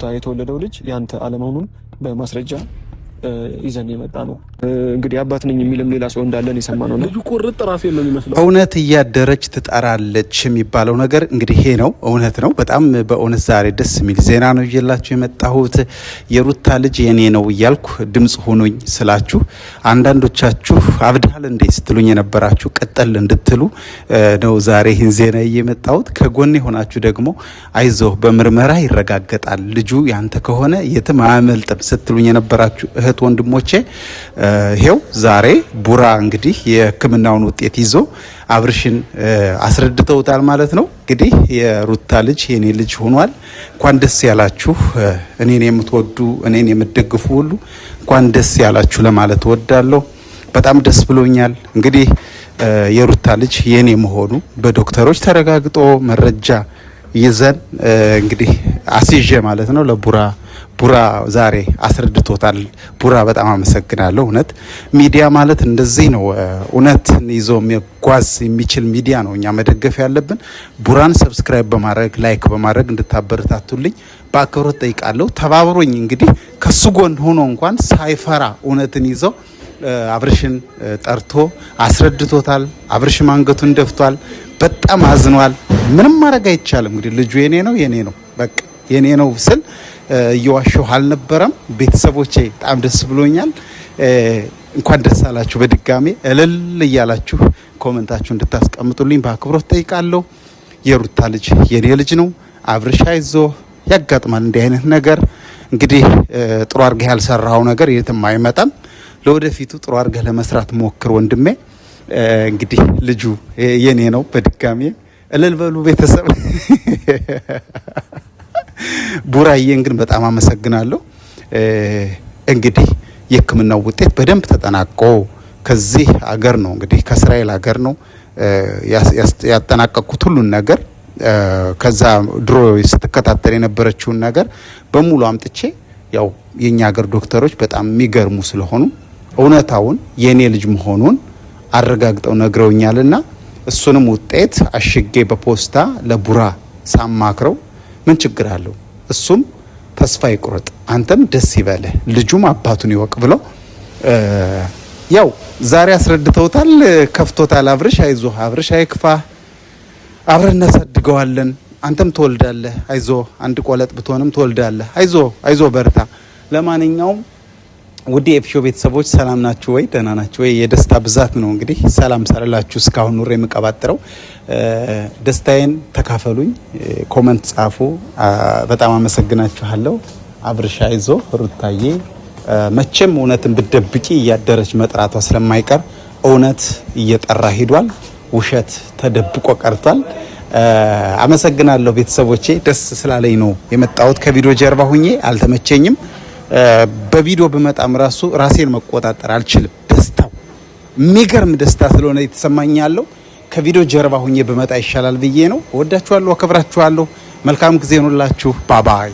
ቦታ የተወለደው ልጅ ያንተ አለመሆኑን በማስረጃ ይዘን የመጣ ነው። እንግዲህ አባት ነኝ የሚልም ሌላ ሰው እንዳለን የሰማ ነው። ልጁ ቁርጥ ራሴ ነው የሚመስለው። እውነት እያደረች ትጠራለች የሚባለው ነገር እንግዲህ ይሄ ነው፣ እውነት ነው። በጣም በእውነት ዛሬ ደስ የሚል ዜና ነው እየላችሁ የመጣሁት። የሩታ ልጅ የኔ ነው እያልኩ ድምፅ ሆኖኝ ስላችሁ አንዳንዶቻችሁ አብድሃል እንዴ ስትሉኝ የነበራችሁ ቀጠል እንድትሉ ነው ዛሬ ይህን ዜና እየመጣሁት። ከጎን የሆናችሁ ደግሞ አይዞህ በምርመራ ይረጋገጣል ልጁ ያንተ ከሆነ የትም አያመልጥም ስትሉኝ የነበራችሁ እህት ወንድሞቼ ይሄው ዛሬ ቡራ እንግዲህ የሕክምናውን ውጤት ይዞ አብርሽን አስረድተውታል ማለት ነው። እንግዲህ የሩታ ልጅ የኔ ልጅ ሆኗል። እንኳን ደስ ያላችሁ እኔን የምትወዱ እኔን የምትደግፉ ሁሉ እንኳን ደስ ያላችሁ ለማለት እወዳለሁ። በጣም ደስ ብሎኛል። እንግዲህ የሩታ ልጅ የኔ መሆኑ በዶክተሮች ተረጋግጦ መረጃ ይዘን እንግዲህ አስይዤ ማለት ነው ለቡራ ቡራ ዛሬ አስረድቶታል። ቡራ በጣም አመሰግናለሁ። እውነት ሚዲያ ማለት እንደዚህ ነው። እውነት ይዞ መጓዝ የሚችል ሚዲያ ነው እኛ መደገፍ ያለብን። ቡራን ሰብስክራይብ በማድረግ ላይክ በማድረግ እንድታበረታቱልኝ በአክብሮት ጠይቃለሁ። ተባብሮኝ እንግዲህ ከሱ ጎን ሆኖ እንኳን ሳይፈራ እውነትን ይዘው አብርሽን ጠርቶ አስረድቶታል። አብርሽም አንገቱን ደፍቷል። በጣም አዝኗል። ምንም ማድረግ አይቻልም። እንግዲህ ልጁ የኔ ነው የኔ ነው በቃ የኔ ነው ስል እየዋሸሁ አልነበረም። ቤተሰቦቼ በጣም ደስ ብሎኛል። እንኳን ደስ አላችሁ። በድጋሜ እልል እያላችሁ ኮመንታችሁ እንድታስቀምጡልኝ በአክብሮት ጠይቃለሁ። የሩታ ልጅ የኔ ልጅ ነው። አብርሻ ይዞ ያጋጥማል እንዲህ አይነት ነገር እንግዲህ ጥሩ አድርገህ ያልሰራው ነገር የትም አይመጣም። ለወደፊቱ ጥሩ አድርገህ ለመስራት ሞክር ወንድሜ። እንግዲህ ልጁ የኔ ነው። በድጋሜ እልል በሉ ቤተሰብ ቡራዬን ግን በጣም አመሰግናለሁ። እንግዲህ የህክምናው ውጤት በደንብ ተጠናቆ ከዚህ አገር ነው እንግዲህ ከእስራኤል አገር ነው ያጠናቀቅኩት ሁሉን ነገር ከዛ ድሮ ስትከታተል የነበረችውን ነገር በሙሉ አምጥቼ ያው የእኛ ሀገር ዶክተሮች በጣም የሚገርሙ ስለሆኑ እውነታውን የእኔ ልጅ መሆኑን አረጋግጠው ነግረውኛልና እሱንም ውጤት አሽጌ በፖስታ ለቡራ ሳማክረው ምን ችግር አለው? እሱም ተስፋ ይቁረጥ፣ አንተም ደስ ይበልህ፣ ልጁም አባቱን ይወቅ ብሎ ያው ዛሬ አስረድተውታል። ከፍቶታል። አብርሽ አይዞ አብርሽ አይክፋ አብረን እናሳድገዋለን፣ አንተም ትወልዳለህ፣ አይዞ አንድ ቆለጥ ብትሆንም ትወልዳለህ፣ አይዞ አይዞ፣ በርታ። ለማንኛውም ውድ የኤፍሾ ቤተሰቦች ሰላም ናችሁ ወይ? ደህና ናችሁ ወይ? የደስታ ብዛት ነው እንግዲህ ሰላም ሳልላችሁ እስካሁን ኑሮ የምቀባጥረው። ደስታዬን ተካፈሉኝ፣ ኮመንት ጻፉ። በጣም አመሰግናችኋለሁ። አብርሻ ይዞ ሩታዬ መቼም እውነትን ብደብቂ እያደረች መጥራቷ ስለማይቀር እውነት እየጠራ ሂዷል፣ ውሸት ተደብቆ ቀርቷል። አመሰግናለሁ ቤተሰቦቼ፣ ደስ ስላለኝ ነው የመጣሁት። ከቪዲዮ ጀርባ ሁኜ አልተመቸኝም። በቪዲዮ ብመጣም ራሱ ራሴን መቆጣጠር አልችልም። ደስታው የሚገርም ደስታ ስለሆነ የተሰማኝ ያለው ከቪዲዮ ጀርባ ሁኜ ብመጣ ይሻላል ብዬ ነው። ወዳችኋለሁ፣ አከብራችኋለሁ። መልካም ጊዜ ይሁንላችሁ። ባባይ